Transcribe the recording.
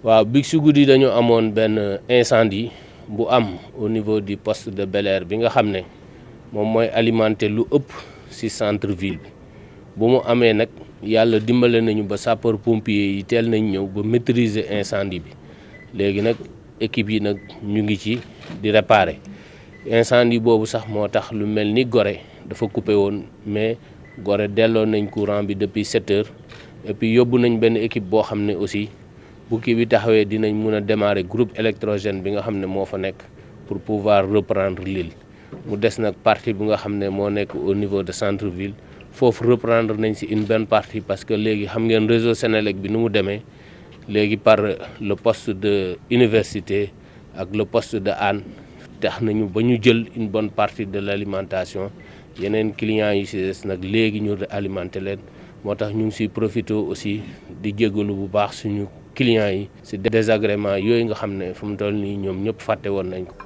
waaw bi si guddi dañu amoon benn incendie bu am au niveau du poste de Bel bi nga xam ne moom mooy alimenter lu ëpp ci centre ville bi bu mu amee nag yàlla dimbale nañu ba sapeur pompier yi teel nañ ñëw ba maîtriser incendie bi léegi nag équipe yi nag ñu ngi ci di réparer incendie boobu sax moo tax lu mel ni Gorée dafa coupé woon mais Gorée delloo nañ courant bi depuis sept heures puis yóbbu nañ benn équipe boo xam ne aussi bu kii bi taxawee dinañ mun a démarrer groupe électrogène bi nga xam ne moo fa nekk pour pouvoir reprendre l'île mu des nag partie bi nga xam ne moo nekk au niveau de centre ville foofu reprendre nañ si une bonne partie parce que léegi xam ngeen réseau Sénélec bi nu mu demee léegi par le poste de université ak le poste de Hann tax nañu ba ñu jël une bonne partie de l' alimentation yeneen clients yi si des nag léegi ñu alimenté leen moo tax ñu ngi siy profité aussi di jégalu bu baax suñu clients yi si désagrément yooyu nga xam ne fu mu toll nii ñoom ñëpp fàtte woon nañ ko.